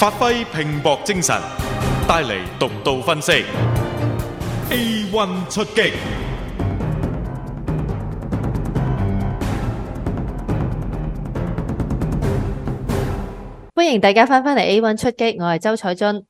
發揮拼搏精神，帶嚟獨到分析。A one 出擊，歡迎大家翻返嚟 A one 出擊，我係周彩俊。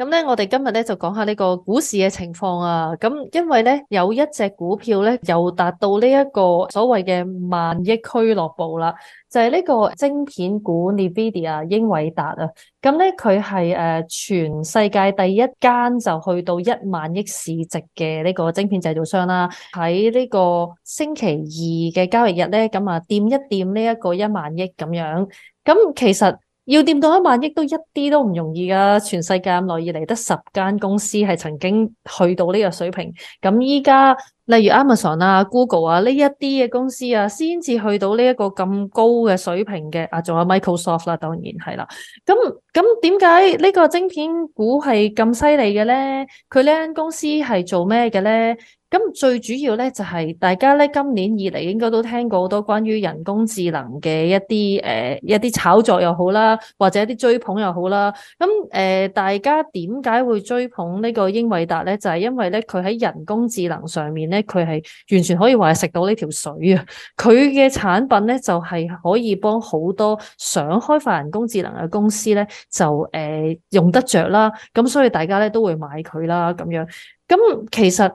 咁咧，我哋今日咧就講下呢個股市嘅情況啊。咁因為咧有一隻股票咧，又達到呢一個所謂嘅萬億俱樂部啦，就係呢個晶片股 Nvidia 英偉達啊。咁咧佢係誒全世界第一間就去到一萬億市值嘅呢個晶片製造商啦。喺呢個星期二嘅交易日咧，咁啊掂一掂呢一個一萬億咁樣。咁其實。要掂到一萬億都一啲都唔容易㗎，全世界咁耐以嚟得十間公司係曾經去到呢個水平，咁依家例如 Amazon 啊、Google 啊呢一啲嘅公司啊，先至去到呢一個咁高嘅水平嘅。啊，仲有 Microsoft 啦、啊，當然係啦。咁咁點解呢個晶片股係咁犀利嘅咧？佢呢間公司係做咩嘅咧？咁最主要咧就係、是、大家咧今年以嚟應該都聽過好多關於人工智能嘅一啲誒、呃、一啲炒作又好啦，或者一啲追捧又好啦。咁誒、呃，大家點解會追捧呢個英偉達咧？就係、是、因為咧佢喺人工智能上面咧，佢係完全可以話係食到呢條水啊！佢嘅產品咧就係、是、可以幫好多想開發人工智能嘅公司咧，就誒、呃、用得着啦。咁所以大家咧都會買佢啦，咁樣。咁其實。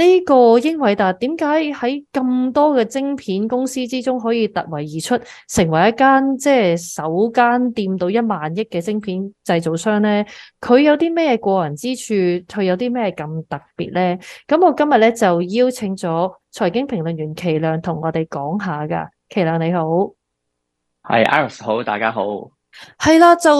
呢個英偉達點解喺咁多嘅晶片公司之中可以突圍而出，成為一間即係、就是、首間掂到一萬億嘅晶片製造商呢？佢有啲咩過人之處？佢有啲咩咁特別呢？咁我今日咧就邀請咗財經評論員祁亮同我哋講下噶。祁亮你好，係 Iris 好，大家好。係啦，就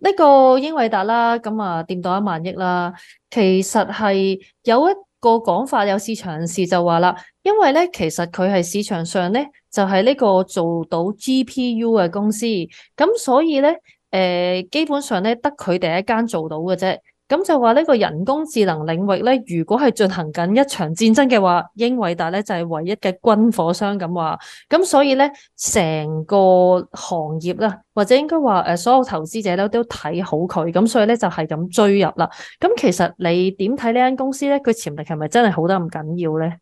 呢、這個英偉達啦，咁啊掂到一萬億啦，其實係有一。個講法有市場人士就話啦，因為咧其實佢喺市場上咧就係、是、呢個做到 GPU 嘅公司，咁所以咧誒、呃、基本上咧得佢哋一間做到嘅啫。咁就話呢個人工智能領域咧，如果係進行緊一場戰爭嘅話，英偉達咧就係唯一嘅軍火商咁話。咁所以咧，成個行業啦，或者應該話誒，所有投資者咧都睇好佢。咁所以咧就係咁追入啦。咁、嗯、其實你點睇呢間公司咧？佢潛力係咪真係好得咁緊要咧？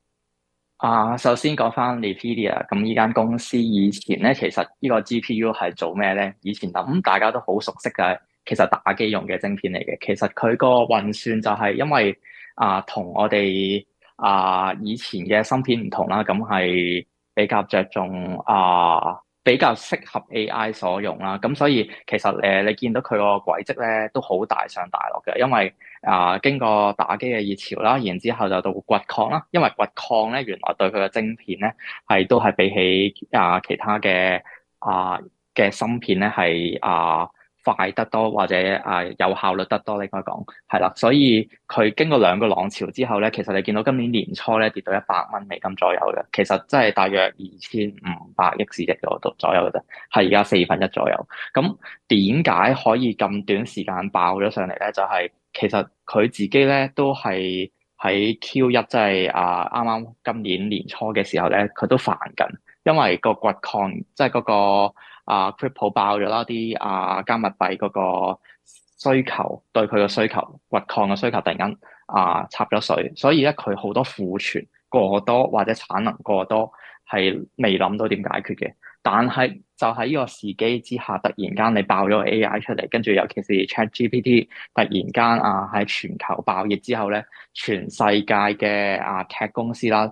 啊，首先講翻 Nvidia。咁呢間公司以前咧，其實個呢個 GPU 係做咩咧？以前咁大家都好熟悉嘅。其實打機用嘅晶片嚟嘅，其實佢個運算就係因為啊，同、呃、我哋啊、呃、以前嘅芯片唔同啦，咁係比較着重啊、呃，比較適合 AI 所用啦。咁所以其實誒，你見到佢個軌跡咧，都好大上大落嘅，因為啊、呃，經過打機嘅熱潮啦，然之後就到掘礦啦，因為掘礦咧，原來對佢嘅晶片咧，係都係比起啊、呃、其他嘅啊嘅芯片咧係啊，快得多或者啊有效率得多，你應該講係啦。所以佢經過兩個浪潮之後咧，其實你見到今年年初咧跌到一百蚊美金左右嘅，其實即係大約二千五百億市值嗰度左右嘅啫，係而家四分一左右。咁點解可以咁短時間爆咗上嚟咧？就係、是、其實佢自己咧都係喺 Q 一、啊，即係啊啱啱今年年初嘅時候咧，佢都煩緊，因為個挖礦，即係嗰個。啊，Crypto 爆咗啦！啲啊加密幣嗰個需求，對佢個需求、挖礦嘅需求突然間啊插咗水，所以咧佢好多庫存過多，或者產能過多，係未諗到點解決嘅。但係就喺呢個時機之下，突然間你爆咗 AI 出嚟，跟住尤其是 ChatGPT 突然間啊喺全球爆熱之後咧，全世界嘅啊 tech 公司啦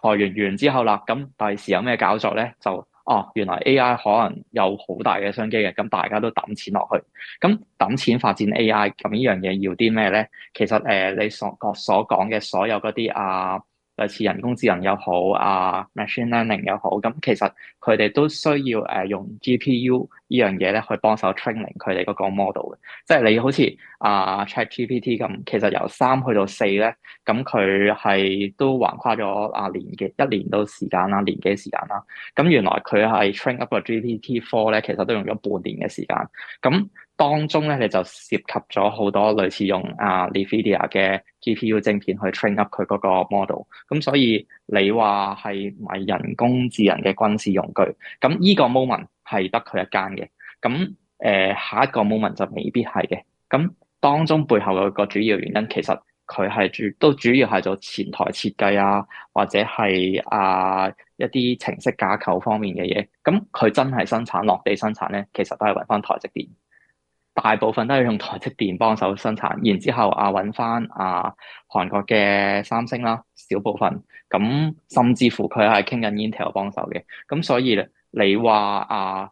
裁員完之後啦，咁、嗯、第時有咩搞作咧就？哦，原來 AI 可能有好大嘅商機嘅，咁大家都抌錢落去，咁抌錢發展 AI，咁呢樣嘢要啲咩咧？其實誒、呃，你所講所講嘅所有嗰啲啊。類似人工智能又好啊，machine learning 又好，咁、嗯、其實佢哋都需要誒、啊、用 GPU 呢樣嘢咧去幫手 training 佢哋嗰個 model 嘅，即係你好似啊 ChatGPT 咁，其實由三去到四咧，咁佢係都橫跨咗啊年幾一年都時間啦，年幾時間啦，咁、嗯、原來佢係 train up 個 GPT four 咧，其實都用咗半年嘅時間，咁、嗯。當中咧，你就涉及咗好多類似用啊 NVIDIA 嘅 GPU 晶片去 train up 佢嗰個 model。咁所以你話係咪人工智能嘅軍事用具？咁呢個 moment 係得佢一間嘅。咁誒、呃、下一個 moment 就未必係嘅。咁當中背後有個主要原因，其實佢係主都主要係做前台設計啊，或者係啊一啲程式架構方面嘅嘢。咁佢真係生產落地生產咧，其實都係揾翻台積電。大部分都係用台積電幫手生產，然之後啊揾翻啊韓國嘅三星啦，少部分咁甚至乎佢係傾緊 Intel 幫手嘅。咁所以你話啊，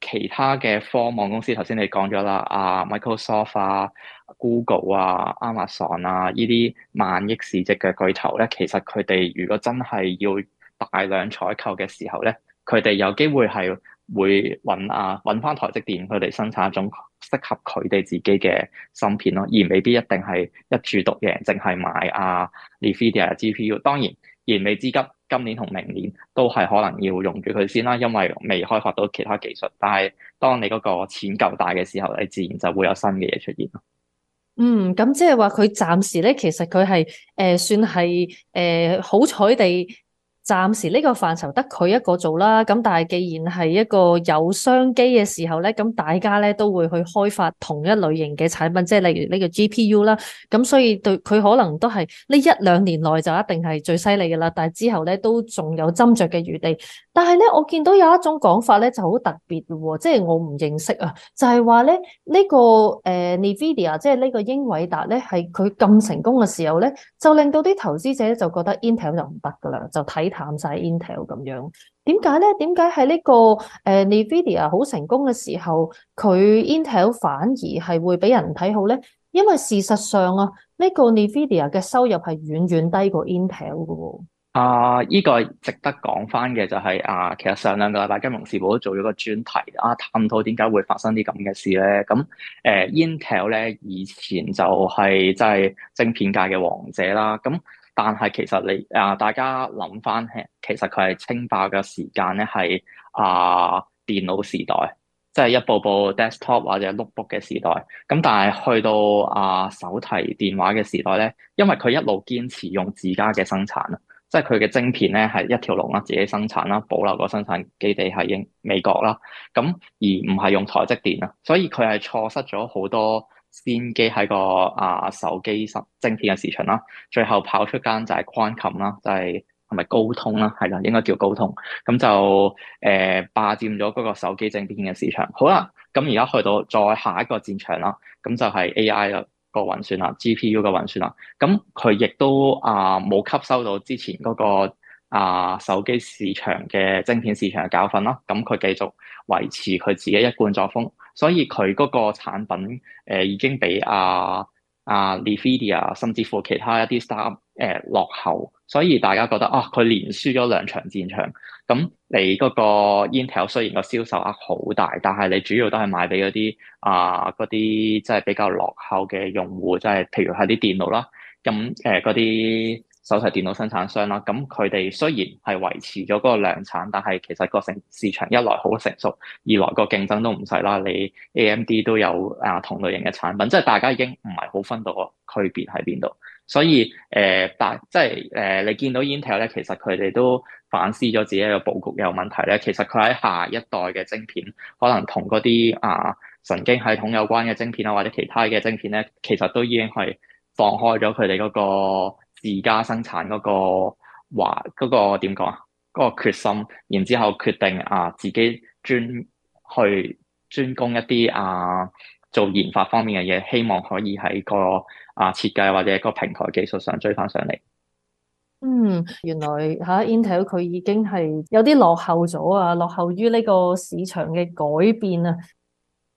其他嘅科網公司，頭先你講咗啦，啊 Microsoft 啊、Google 啊、Amazon 啊呢啲萬億市值嘅巨頭咧，其實佢哋如果真係要大量採購嘅時候咧，佢哋有機會係。會揾啊揾翻台積電佢哋生產一種適合佢哋自己嘅芯片咯，而未必一定係一注獨贏嘅，淨係買啊 Nvidia GPU。Ia, PU，當然，燃眉之急今年同明年都係可能要用住佢先啦，因為未開發到其他技術。但係，當你嗰個錢夠大嘅時候，你自然就會有新嘅嘢出現咯。嗯，咁即係話佢暫時咧，其實佢係誒算係誒好彩地。暫時呢個範疇得佢一個做啦，咁但係既然係一個有商機嘅時候咧，咁大家咧都會去開發同一類型嘅產品，即係例如呢個 GPU 啦，咁所以對佢可能都係呢一兩年內就一定係最犀利噶啦，但係之後咧都仲有斟酌嘅餘地。但係咧，我見到有一種講法咧就好特別喎、哦，即係我唔認識啊，就係話咧呢、這個誒、呃、Nvidia 即係呢個英偉達咧，係佢咁成功嘅時候咧，就令到啲投資者就覺得 Intel 就唔得噶啦，就睇淡晒 Intel 咁樣。點解咧？點解喺呢個誒、呃、Nvidia 好成功嘅時候，佢 Intel 反而係會俾人睇好咧？因為事實上啊，呢、這個 Nvidia 嘅收入係遠遠低過 Intel 噶喎。啊！依、uh, 個值得講翻嘅就係、是、啊，其實上兩個禮拜《金融時報》都做咗個專題啊，探討點解會發生啲咁嘅事咧？咁誒、呃、Intel 咧以前就係即係晶片界嘅王者啦。咁但係其實你啊，大家諗翻係其實佢係稱霸嘅時間咧係啊電腦時代，即係一部部 desktop 或者 notebook 嘅時代。咁但係去到啊手提電話嘅時代咧，因為佢一路堅持用自家嘅生產啊。即係佢嘅晶片咧，係一條龍啦，自己生產啦，保留個生產基地喺英美國啦，咁而唔係用台積電啦，所以佢係錯失咗好多先機喺個啊手機芯晶片嘅市場啦。最後跑出間就係 Quantum 啦，就係係咪高通啦？係啦，應該叫高通，咁就誒、呃、霸佔咗嗰個手機晶片嘅市場。好啦，咁而家去到再下一個戰場啦，咁就係 A.I. 啦。個運算啦，GPU 嘅運算啦，咁佢亦都啊冇吸收到之前嗰、那個啊手機市場嘅晶片市場嘅教訓啦。咁佢繼續維持佢自己一貫作風，所以佢嗰個產品誒、啊、已經俾啊。啊，Nvidia、uh, 甚至乎其他一啲 star 誒、呃、落後，所以大家覺得啊，佢連輸咗兩場戰場。咁你嗰個 Intel 雖然個銷售額好大，但係你主要都係賣俾嗰啲啊啲即係比較落後嘅用戶，即、就、係、是、譬如係啲電腦啦。咁誒嗰啲。呃手提電腦生產商啦，咁佢哋雖然係維持咗嗰個量產，但係其實個成市場一來好成熟，二來個競爭都唔細啦。你 AMD 都有啊同類型嘅產品，即係大家已經唔係好分到個區別喺邊度。所以誒，但、呃、即係誒、呃，你見到 Intel 咧，其實佢哋都反思咗自己嘅佈局有問題咧。其實佢喺下一代嘅晶片，可能同嗰啲啊神經系統有關嘅晶片啊，或者其他嘅晶片咧，其實都已經係放開咗佢哋嗰個。自家生產嗰個話，嗰個點講啊？嗰個決心，然之後決定啊，自己專去專攻一啲啊，做研發方面嘅嘢，希望可以喺個啊設計或者個平台技術上追翻上嚟。嗯，原來嚇 Intel 佢已經係有啲落後咗啊，落後於呢個市場嘅改變啊！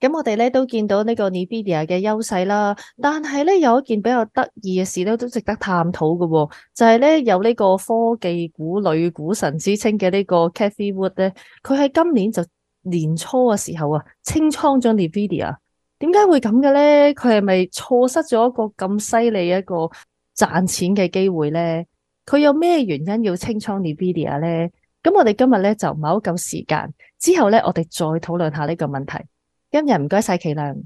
咁我哋咧，都見到呢個 Nvidia 嘅優勢啦，但係咧有一件比較得意嘅事咧，都值得探討嘅、哦。就係、是、咧有呢個科技股女股神之稱嘅呢個 Cathie Wood 咧，佢喺今年就年初嘅時候啊清倉咗 Nvidia。點解會咁嘅咧？佢係咪錯失咗一個咁犀利一個賺錢嘅機會咧？佢有咩原因要清倉 Nvidia 咧？咁我哋今日咧就唔係好夠時間，之後咧我哋再討論下呢個問題。今日唔該晒，奇亮。